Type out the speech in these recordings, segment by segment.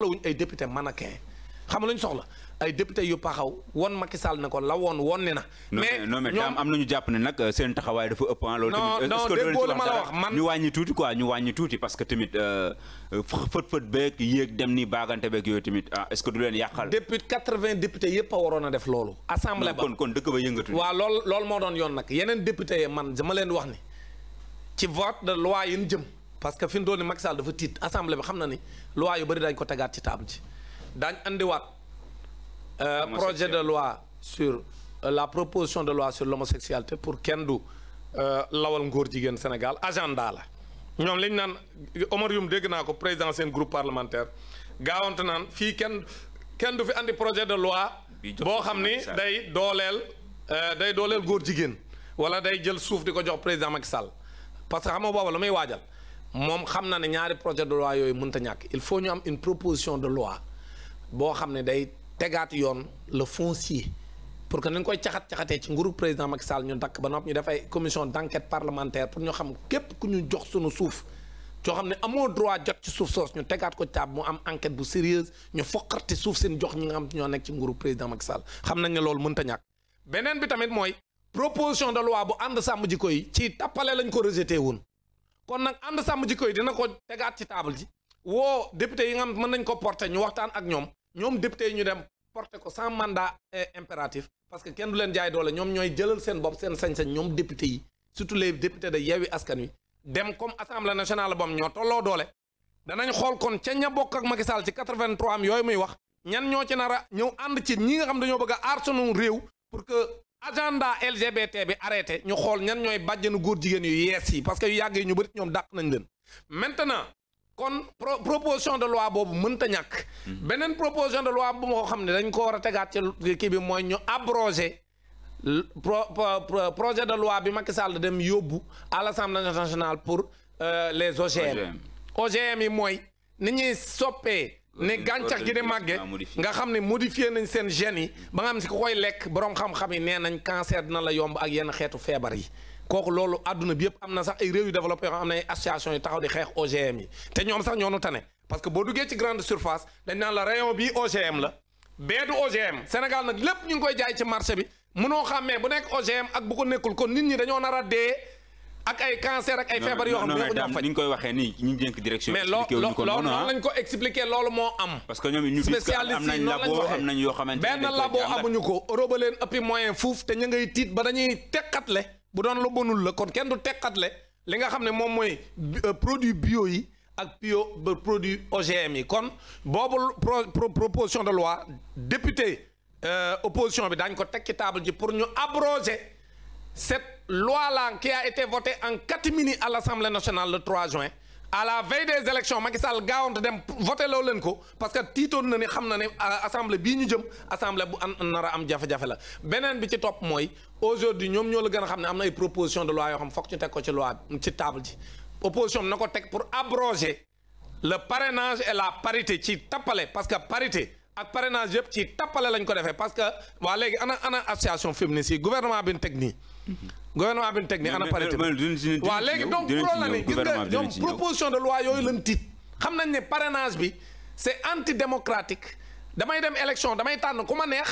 soxlawuñ ay député man a nga lu ñu soxla ay député yu paxaw woon Macky Sall ne ko la woon woon ne na. mais non mais am na ñu jàpp ne nag euh, seen taxawaay dafa ëpp ah. loolu tamit euh, wàññi tuuti quoi ñu wàññi tuuti parce que tamit euh, dem ni baagante beeg yooyu tamit ah est-ce que leen yàqal. depuis quatre-vingts députés yëpp a waroon a def loolu. assemblée ba ba yëngatu. waaw loolu moo doon yoon nag yeneen député man dama leen wax ni ci vote de loi yi jëm. parce que fi mu doon nii Macky dafa tiit assemblée bi xam na ni loi yu bëri dañ ko tegaat ci table ji daañ andiwaat. Euh, projet de loi sur euh, la proposition de loi sur l'homosexualité pour kenn du euh, lawal ngóor jigéen Sénégal agenda la. ñoom lañ naan Omar Youm dégg naa ko président seen groupe parlementaire gaawante naan fii kenn kenn du fi andi projet de loi. boo xam ni day dooleel day dooleel góor jigéen. wala day jël suuf di ko jox président Macky Sall parce que xam nga booba lu waajal. moom xam na ne ñaari projet de loi yooyu mënta ñàkk il faut ñu am une proposition de loi boo xam ne day tegaat yoon le foncier pour que nañ koy caxat-caxatee ci nguru président Macky ñu dakk ba noppi ñu def ay commission d'enquête parlementaire pour ñu xam képp ku ñu jox sunu suuf yoo xam ne amoo droit jot ci suuf soos ñu tegaat ko caab mu am enquête bu sérieuse ñu foqarti suuf seen jox ñi nga xam ñoo nekk ci nguuru président Macky Sall xam nañ ne loolu mënta ñàkk beneen bi tamit mooy proposition de loi bu ànd sàmm jikko yi ci tappale lañ ko rejeté woon kon nag ànd sàmm jikko yi dina ko tegaat ci taable ji woo député yi nga xam mën nañ ko porter ñu waxtaan ak ñoom ñoom député yi ñu dem porté ko sans mandat impératif parce que kenn du leen jaay doole ñoom ñooy jëlal seen bopp seen sañ-sañ ñoom député yi surtout les députés de Yewwi Askan Wi dem comme assemblée nationale bam ñoo tolloo doole danañ xool kon ca ña bokk ak Macky Sall ci 83 am yooyu muy wax ñan ñoo ci nar a ñëw ànd ci ñi nga xam dañoo bëgg a aar sunu réew agenda LGBT bi arrêté ñu xool ñan ñooy bàjjenu góor jigéen yu yees parce que yu yàggee ñu bëri ñoom dàq nañ leen maintenant kon pro proposition de loi boobu mënta ñàkk. Mm-hmm. beneen proposition de loi bu ma xam ne dañ koo war a tegaat ci kii bi mooy ñu abrogé pro projet de loi bi Macky Sall dem yóbbu à l' assemblée nationale pour euh, les OGM. OGM yi mooy ni ñuy soppee. ne gàncax gi di màgge nga xam ne modifié nañ seen gènes yi ba nga xam si ku koy lekk borom xam-xam yi nee nañ cancer dina la yomb ak yenn xeetu feebar yi kooku loolu àdduna bi yëpp am na sax ay réew yu développé yoo xam ne ay association yu taxaw di xeex OGM yi te ñoom sax ñoo nu tane parce que boo duggee ci grande surface dañ naan la rayon bii OGM la bee du OGM Sénégal nag lépp ñu ngi koy jaay ci marché bi mënoo xàmmee bu nekk OGM ak bu ko nekkul kon nit ñi dañoo nar a dee ak ay cancer ak ay feebar yoo xam ni ñu koy waxee nii ñu dénk direction mais loolu noonu ah. lañ ko expliqué loolu moo am parce que ñoom ñu spécialiste am nañ yoo xamante benn labo amuñu ko Europe leen ëppi moyen fuuf te ñu ngay tiit ba dañuy teqatle bu doon la bonul la kon kenn du teqatle li nga xam ne moom mooy euh, produit bio yi ak bio produit OGM yi kon boobu proposition de loi député euh, opposition bi daañ ko teg ci table ji pour ñu abroger cette loi-là qui a été votée en catimini à l'Assemblée nationale le 3 juin à la veille des élections Macky Sall dem voté loo leen ko parce que tiitoon na ni xam na ne euh, assemblée bii ñu jëm assemblée bu an am jafe-jafe la beneen bi ci topp mooy aujourd'hui ñoom ñoo la gën a xam ne am na ay proposition de loi yoo xam foog ñu teg ko ci loi ci table ji opposition bi na ko teg pour abroger le parrainage et la parité ci tappale parce que parité ak parrainage yëpp ci tappale lañ ko defee parce que waa léegi ana ana association féministe yi gouvernement bi gouvernement bi ñu teg nii ana parité waaw léegi donc loolu la ni gis nga ñoom proposition de loi yooyu lañ tiit xam nañ ne parrainage bi c'est antidémocratique damay dem élection damay tànn ku ma neex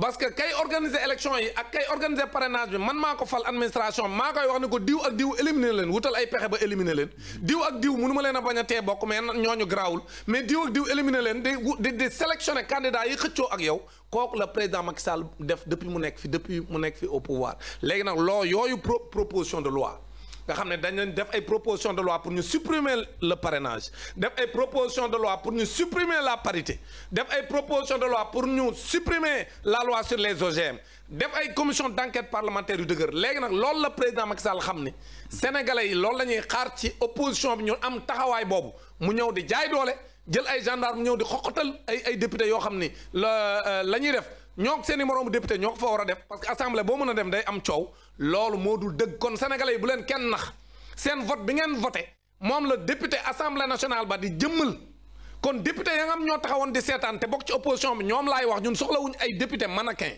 parce que kay organiser élection yi ak kay organiser parrainage bi man maa ko fal administration maa koy wax ne ko diw ak diw éliminer leen wutal ay pexe ba éliminer leen diw ak diw mënu ma leen a bañ a tee bokk mais ñooñu garaawul mais diw ak diw éliminer leen di di di sélectionner candidat yi xëccoo ak yow kooku la président Macky Sall def depuis mu nekk fi depuis mu nekk fi au pouvoir léegi nag loo yooyu pro proposition de loi nga xam ne dañ leen def ay proposition de loi pour ñu supprimer le parrainage def ay proposition de loi pour ñu supprimer la parité def ay proposition de loi pour ñu supprimer la loi sur les OGM def ay commission d'enquête parlementaire yu dëgër léegi nag loolu la président Macky Sall xam ni sénégalais yi loolu la ñuy xaar ci opposition bi ñu am taxawaay boobu mu ñëw di jaay doole jël ay gendarme ñëw di xoqatal ay ay député yoo xam ni la euh, la ñuy def ñoo seen i moroomu député ñoo ko fa war a def parce que assemblée boo mën a dem day am coow loolu moo dul dëgg kon sénégalais bu leen kenn nax seen vote bi ngeen voté moom la député assemblée nationale ba di jëmmal kon député ya nga am ñoo taxawoon di seetaan te bokk ci opposition bi ñoom laay wax ñun soxlawuñ ay député mannequin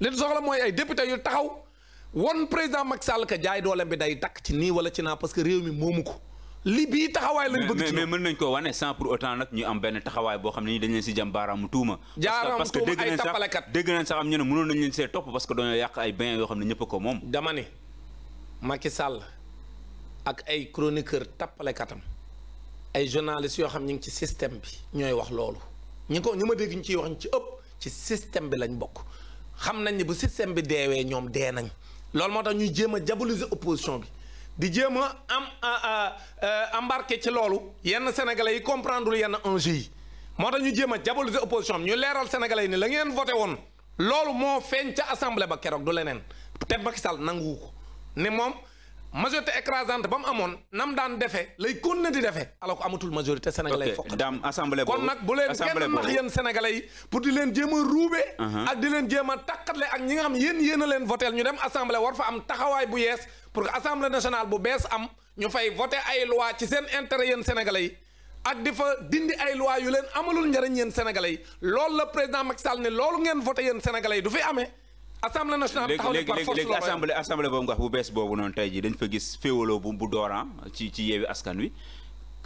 li soxla mooy ay député yu taxaw won président Macky Sall que jaay doole bi day takk ci nii wala ci naa parce que réew mi moomu ko. li bii taxawaay lañ bëgg ci mais mën nañ ko wane sans pour autant nag ñu am benn taxawaay boo xam ne dañ leen si jam baaraamu tuuma parce que dégg nañ sax dégg nañ sax am ñu ne mënoon nañ leen see topp parce que dañoo yàq ay biens yoo xam ne ñëpp ko moom dama ne Macky Sall ak ay chroniqueur tappalekatam ay journalistes yoo xam ñu ngi ci système bi ñooy wax loolu ñi ko ñu ma dégg ñu ciy wax ñu ci ëpp ci système bi lañ bokk xam nañ ne bu système bi deewee ñoom dee nañ loolu moo tax ñuy jéem a diaboliser opposition bi di jéem a am euh, embarqué ci loolu yenn sénégalais yi comprendre yenn enjeux yi moo tax ñu jéem a diaboliser opposition am ñu leeral sénégalais yi ni la ngeen voté woon loolu moo feeñ ca assemblée ba keroog du leneen te Macky Sall nanguwu moom majorité écrasante ba mu amoon nam daan defee lay continuer di defee alors que amatul majorité sénégalais fokk daam assemblée boobu kon nag bu leen kenn nax yéen sénégalais yi pour di leen jéem a ruube uh-huh. ak di leen jéem a tàqatle ak ñi nga xam yéen yéen leen voteel ñu dem assemblée war fa am taxawaay bu yees pour que assemblée nationale bu bees am ñu fay voté ay loi ci seen intérêt yéen sénégalais yi ak di fa dindi ay loi yu leen amalul njariñ yéen sénégalais yi loolu la président Macky Sall ne loolu ngeen voté yéen sénégalais yi du fi amee assemblée nationale taxaw na par force léegi léegi assemblée assemblée boobu nga wax bu bees boobu noonu tey dañ fa gis féewaloo bu bu dooran ci ci yeewi askan wi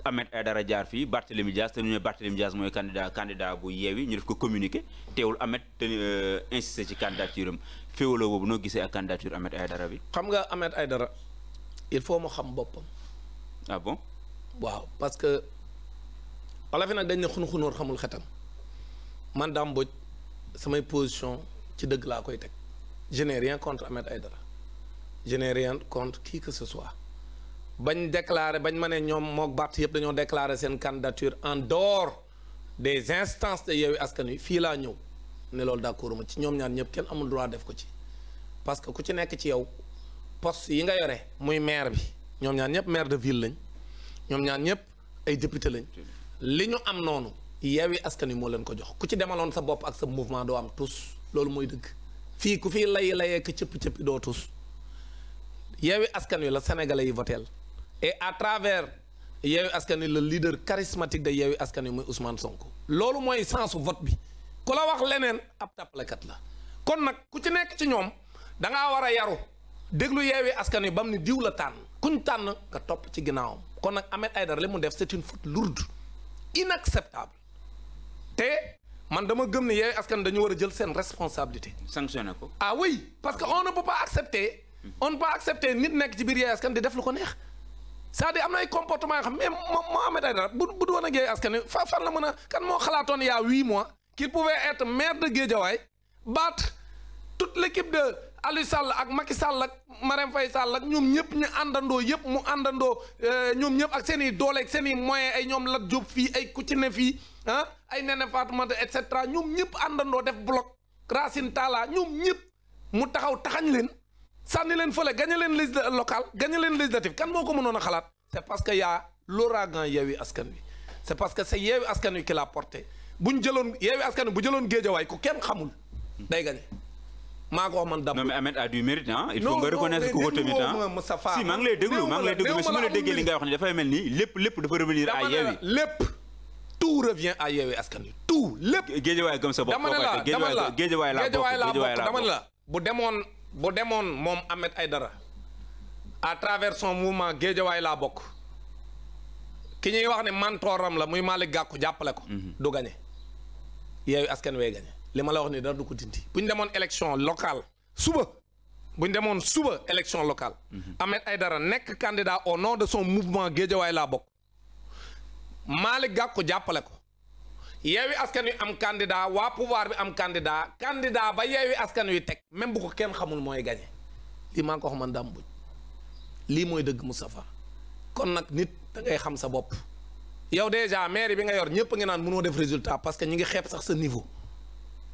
Ahmed dara jaar fii Barthélémy Dias te ñu ne Barthélémy Dias mooy candidat candidat bu yeewi ñu def ko communiqué teewul Ahmed te euh, insisté ci candidature am féewaloo boobu noo gisee ak candidature Ahmed Aidara bi. xam nga Ahmed Aidara il faut mu xam boppam. ah bon. waaw parce que wala fi nag dañ ne xun-xunóor xamul xetam man daam position ci dëgg laa koy teg. je n'ai rien contre Ahmed Aïdara je n'ai rien contre qui que ce soit bañ déclaré bañ ma ne ñoom mook Barth yëpp dañoo déclaré seen candidature en dehors des instances de Yewwi Askan Wi fii laa ñëw ne loolu d'accord ma ci ñoom ñaan ñëpp kenn amul droit def ko ci parce que ku ci nekk ci yow poste yi nga yore muy maire bi ñoom ñaan ñëpp maire de ville lañ ñoom ñaan ñëpp ay député lañ li ñu am noonu Yewwi Askan yi moo leen ko jox ku ci demaloon sa bopp ak sa mouvement doo am tous loolu mooy dëgg fii ku fi lay layee ka cëpp-cëppi doo tus yeewi askan wi la sénégalais yi voteel et à travers yeewi askan wi le leader charismatique de yeewi askan wi muy Ousmane Sonko loolu mooy sensu vote bi ku la wax leneen ab tàppalekat la kon nag ku ci nekk ci ñoom dangaa war a yaru déglu yeewi askan wi ba mu ni diw la tànn kuñ tànn nga topp ci ginnaawam kon nag Ahmed Aïdara li mu def c'est une faute lourde inacceptable te man dama gëm ne Yewwi Askan dañu war a jël seen responsabilité. sanctionné ko. ah oui parce que on ne peut pas accepter. on ne peut pas accepter nit nekk ci biir Yewwi Askan di def lu ko neex. cest à am na ay comportement yoo xam ne Mohamed Aidara bu bu doon ak Yewwi Askan fa fan la mën a kan moo xalaatoon y a huit mois. qu'il pouvait être maire de Guédiawaye baat toute l'équipe de. Aliou Sall ak Macky Sall ak Marème Faye Sall ak ñoom ñëpp ñu àndandoo yëpp mu àndandoo euh, ñoom ñëpp ak seen i doole ak seen i ay ñoom Lat Diop fii ay Koutine fii ah ay Néné Fatoumata et cetera ñoom ñëpp àndandoo def bloc Racine Talla ñoom ñëpp mu taxaw taxañ leen sànni leen fële gañe leen législative locale gañe leen législative kan moo ko mënoon a xalaat c' parce que y' a l'ouragan Yewwi Askan Wi c' est parce que se est Askan Wi kila l'a porté bu ñu jëloon Yewwi Askan Wi bu jëloon géejawaay ko kenn xamul day gañe maa ko wax man dab. non mais Ahmed a du mérite il faut nga reconnaître ko tamit ah si maa ngi lay déglu maa ngi lay déglu mais su ma la déggee li nga wax ni dafay mel ni lépp lépp dafa revenir à Yewwi lépp tout revient à Askan Wi tout lépp. géejewaay gëm sa bopp dama ne la géejewaay laa bokk dama ne la bu demoon bu demoon moom Ahmed Aïdara à travers son mouvement géejewaay laa bokk ki ñuy wax ne mantooram la muy Malick gàkku jàppale ko. Mhm. du gagné Yewwi Askan Wi gagné. li ma la wax ni dara du ko dindi bu ñu demoon élection local suba bu ñu demoon suba élection locale. Mhm. ay dara nekk candidat au nom de son mouvement Guédiawaye laa bokk. Malick Gakou jàppale ko. yeewi askan wi am candidat waa pouvoir bi am candidat candidat ba yeewi askan wi teg même bu kenn xamul mooy gagné lii maa ngi ko wax man daam buñ lii mooy dëgg Moustapha kon nag nit da ngay xam sa bopp yow déjà mairie bi nga yor ñëpp ngi naan mënoo def résultat parce que ñu ngi xeeb sax sa niveau.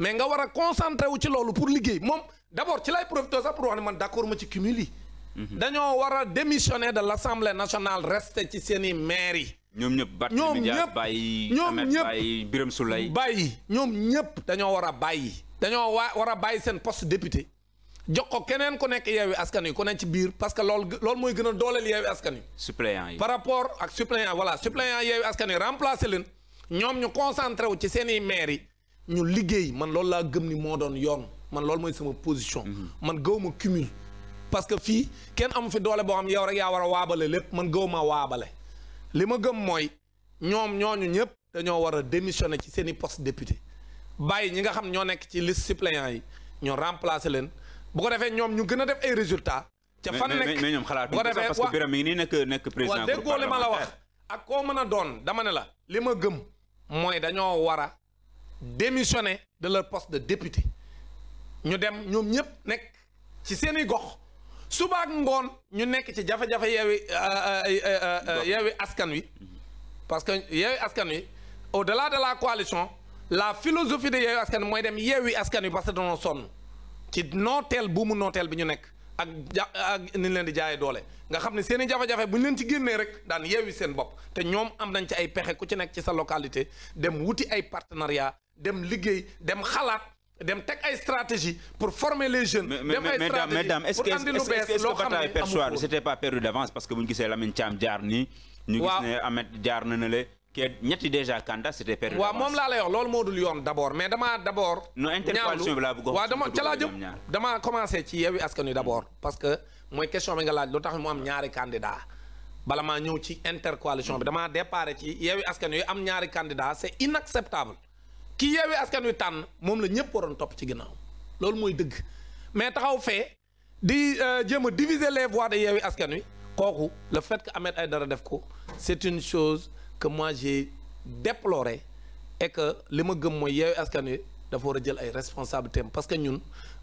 mais nga war a concentré wu ci loolu pour liggéey moom d' abord ci lay profité sax pour wax ne man d' accord ma ci cumul yi. Mhm. dañoo war a démissionner de l' assemblée nationale resté ci seen i maire yi. ñoom ñëpp Barthélémy Dias bàyyi ñoom ñëpp bàyyi Birame Souleye bàyyi ñoom ñëpp dañoo war a bàyyi. dañoo wa war a bàyyi seen poste député jox ko keneen ku nekk yeewi askan wi ku nekk ci biir parce que lool loolu mooy gën a dooleel yeewi askan wi. suppléant yi par rapport ak suppléant voilà suppléant yeewi askan wi remplacé leen ñoom ñu concentré wu ci seen i maire yi. ñu liggéey man loolu laa gëm ni moo doon yoon man loolu mooy sama position. Mhm. man gëwuma cumul. parce que fii kenn amu fi doole boo xam yow rek yaa war a waabale lépp man gëwuma waabale li ma gëm mooy ñoom ñooñu ñëpp dañoo war a démissionner ci seen i poste député bàyyi ñi nga xam ñoo nekk ci list suppléant yi ñoo remplacer leen bu defee ñoom ñu gën a def ay résultats. ca fan nekk mais ñoom xalaatuñ ko sax parce que Birame nii nekk nekk président. déggoo ma la wax ak koo mën a doon dama ne la li ma gëm mooy dañoo war a démissionner de leur poste de député ñu dem ñoom ñëpp nekk ci seeni gox subaak ngoon ñu nekk ci jafe-jafe yeewi euh, euh, euh, yeewi askan wi parce que yeewi askan wi au-delà de la coalition la philosophie de yeewi askan wi mooy dem yeewi askan wi parce que dañoo sonn ci nooteel bu mu nooteel bi ñu nekk ak ja ak ni leen di jaayee doole nga xam ne seen i jafe-jafe bu ñu leen ci génnee rek daan yeewi seen bopp te ñoom am nañ ci ay pexe ku ci nekk ci sa localité dem wuti ay partenariat dem liggéey dem xalaat dem teg ay stratégie pour former les jeunes. dem ay stratégie mesdames est-ce que est-ce que bataille perchoir c'était pas perdu d'avance jaar na ne le. ñetti déjà candidat c'était perdu moom laa lay wax loolu moo dul yoon d'abord mais damaa d'abord. ñaalu non intercoalition bi laa bëgg a dama ca ci Yewwi Askan Wi d'abord. parce que mooy question bi nga laaj lu tax mu am ñaari candidat bala maa ñëw ci intercoalition bi damaa déparé ci Yewwi Askan Wi am ñaari candidat c'est inacceptable ki yeewee askan wi tànn moom la ñëpp waroon topp ci ginnaaw loolu mooy dëgg mais taxaw fee di euh, jéem a diviser les voix de yeewee askan wi kooku le fait que ay dara def ko c'est une chose que moi j'ai déploré et que li ma gëm mooy yeewee askan wi dafa war a jël ay responsabilités parce que ñun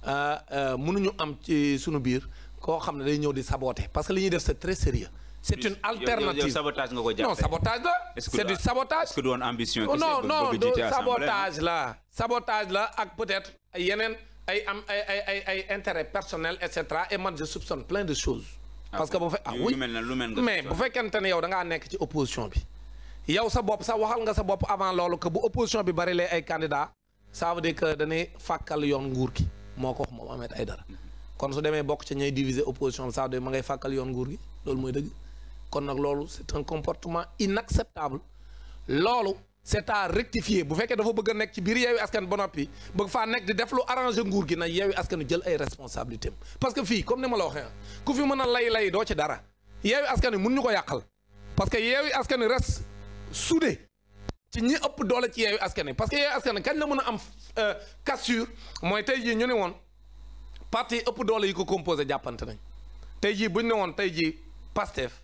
euh, euh, mënuñu am ci sunu biir koo xam ne day ñëw di saboter parce que li ñuy def sa très sérieux c'est une alternative sabotage nga ko jàppee non sabotage la. c'est du ah, sabotage est-ce que doon ambition. non non du la ak peut-être yeneen ay am ay ay ay ay intérêt personnel et cetera et man je soupçonne plein de choses. Ah parce que bu fe ah oui mais bu fekkente ne yow dangaa nekk ci opposition bi. yow sa bopp sax waxal nga sa bopp avant loolu que bu opposition bi bari lee ay candidats ça veut dire que dañuy fàkkal yoon nguur gi moo ko wax moom ay dara mm-hmm. kon su demee bokk ci ñooy diviser opposition bi ça veut dire ngay fàkkal yoon nguur gi loolu mooy dëgg. kon nag loolu c'est un comportement inacceptable loolu c'est à rectifier bu fekkee dafa bëgg a nekk ci biir yeewi askan ba noppi bëgg faa nekk di def lu arrangé nguur gi nag yeewi askanu jël ay responsabilités parce que fii comme ni ma la waxee ku fi mën a lay lay doo ci dara yeewi askan mun ñu ko yàqal parce que yeewi askan wi res soudé ci ñi ëpp doole ci yeewi askan parce que yeewi askan wi kañ la mën a am euh, casture mooy tey jii ñu ne woon parti ëpp doole yi ko composé jàppante nañ tey jii buñ ne woon tey jii Pastef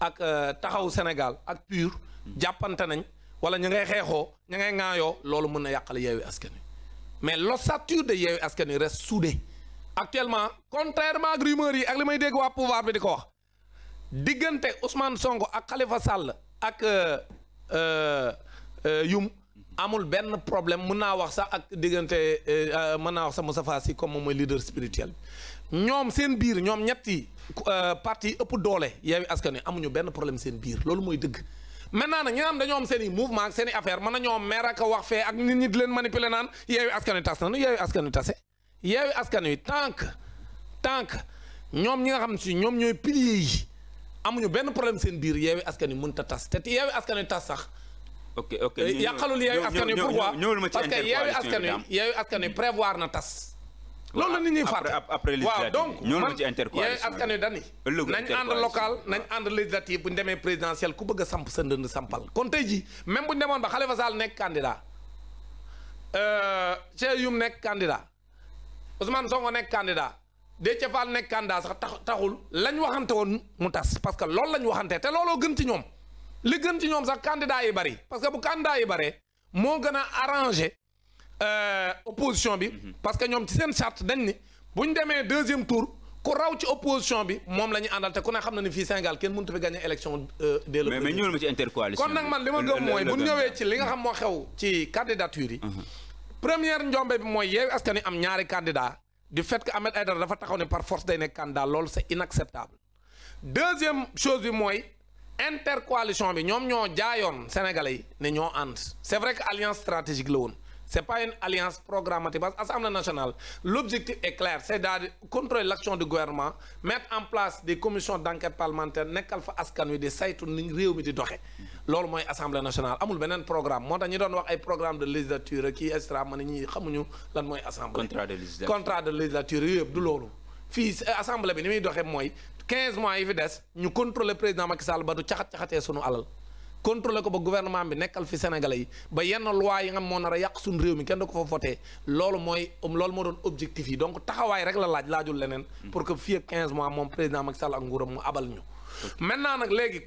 ak euh, taxaw Sénégal ak PUR jàppante nañ wala ñu ngay xeexoo ñu ngay ŋaayoo loolu mën na yàqal Yewwi Askan mais loo l'ossature de Yewwi Askan Wi reste soudée actuellement contrairement ak rumeurs yi ak li may dégg waa pouvoir bi di ko wax diggante Ousmane Sonko ak Khalifa Sall ak euh, euh, Yum amul benn problème mën naa wax sax ak diggante mën naa wax sax Moustapha Sy comme moom mooy leader spirituel ñoom seen biir ñoom ñetti euh, parti ëpp doole Yewwi Askan Wi amuñu benn problème seen biir loolu mooy dëgg maintenant nag ñu am dañoo am seen i mouvement ak seen affaire mën na ñoom meer ak wax fee ak nit ñi di leen manipuler naan Yewwi Askan Wi tas na nu Yewwi Askan Wi tase Yewwi Askan Wi tant tant ñoom ñi nga xam si ñoom ñooy piliers yi amuñu benn problème seen biir Yewwi Askan Wi mënut a tas te Yewwi Askan Wi tas sax. ok ok eh, yàqalul Yewwi Askan Wi pourquoi parce que Yewwi Askan Wi Yewwi Askan Wi prévoir na tas. loolu la nit ñuy fàtte après législative donc man yooyu askan wi dani nañ ànd local nañ ànd législative bu ñu demee présidentielle ku bëgg a samp sa ndënd sampal kon tey ji même bu ñu demoon ba Khalifa Sall nekk candidat euh, Cheikh Youm nekk candidat Ousmane Sonko nekk candidat Déthié Fall nekk candidat sax tax taxul lañ waxante woon mu tas parce que loolu lañ waxante te looloo gën ci ñoom li gën ci ñoom sax kandida yi bari parce que bu candidat yi baree moo gën a arrangé Euh, opposition bi. Mhm. parce que ñoom ci seen charte dañ ni bu ñu demee deuxième tour ku raw ci opposition bi moom la ñu te ku ne xam na ni fii Sénégal kenn mënut a fi gagné élection. Euh, dès le mais mais ñëwal ma ci intercoalition kon nag nga xam moo xew ci candidature yi. Mhm. première njombe bi mooy Yewwi Askan Wi am ñaari candidat du fait que Ahmed Aïdara dafa taxaw ne par force day nekk candidat loolu c'est inacceptable deuxième chose bi mooy intercoalition bi ñoom ñoo jaayoon Sénégalais yi ne ñoo ànd c'est vrai que alliance stratégique la c'est pas une alliance programmatique parce que Assemblée nationale l'objectif est clair c'est daal di l'action du gouvernement mettre en place des commissions d'enquête parlementaire nekkal fa askan wi di saytu ni réew mi di doxe loolu mooy Assemblée nationale amul beneen programme moo tax ñu doon wax ay programme de législature kii et cetera ma ñi xamuñu lan mooy assemblée contrat de législature contrat de législature yëpp du loolu fii euh, assemblée bi ni muy doxee mooy 15 mois yi fi ñu contrôler président Macky Sall ba du caxat-caxatee contrôlé ko ba gouvernement bi nekkal fi sénégalais yi ba yenn loi yi nga moo nar a yàq ko fa loolu mooy um, loolu moo doon objectif yi donc taxawaay rek la laaj laajul leneen hmm. pour que fii mois moom président Macky Sall ak abal ñu maintenant nag léegi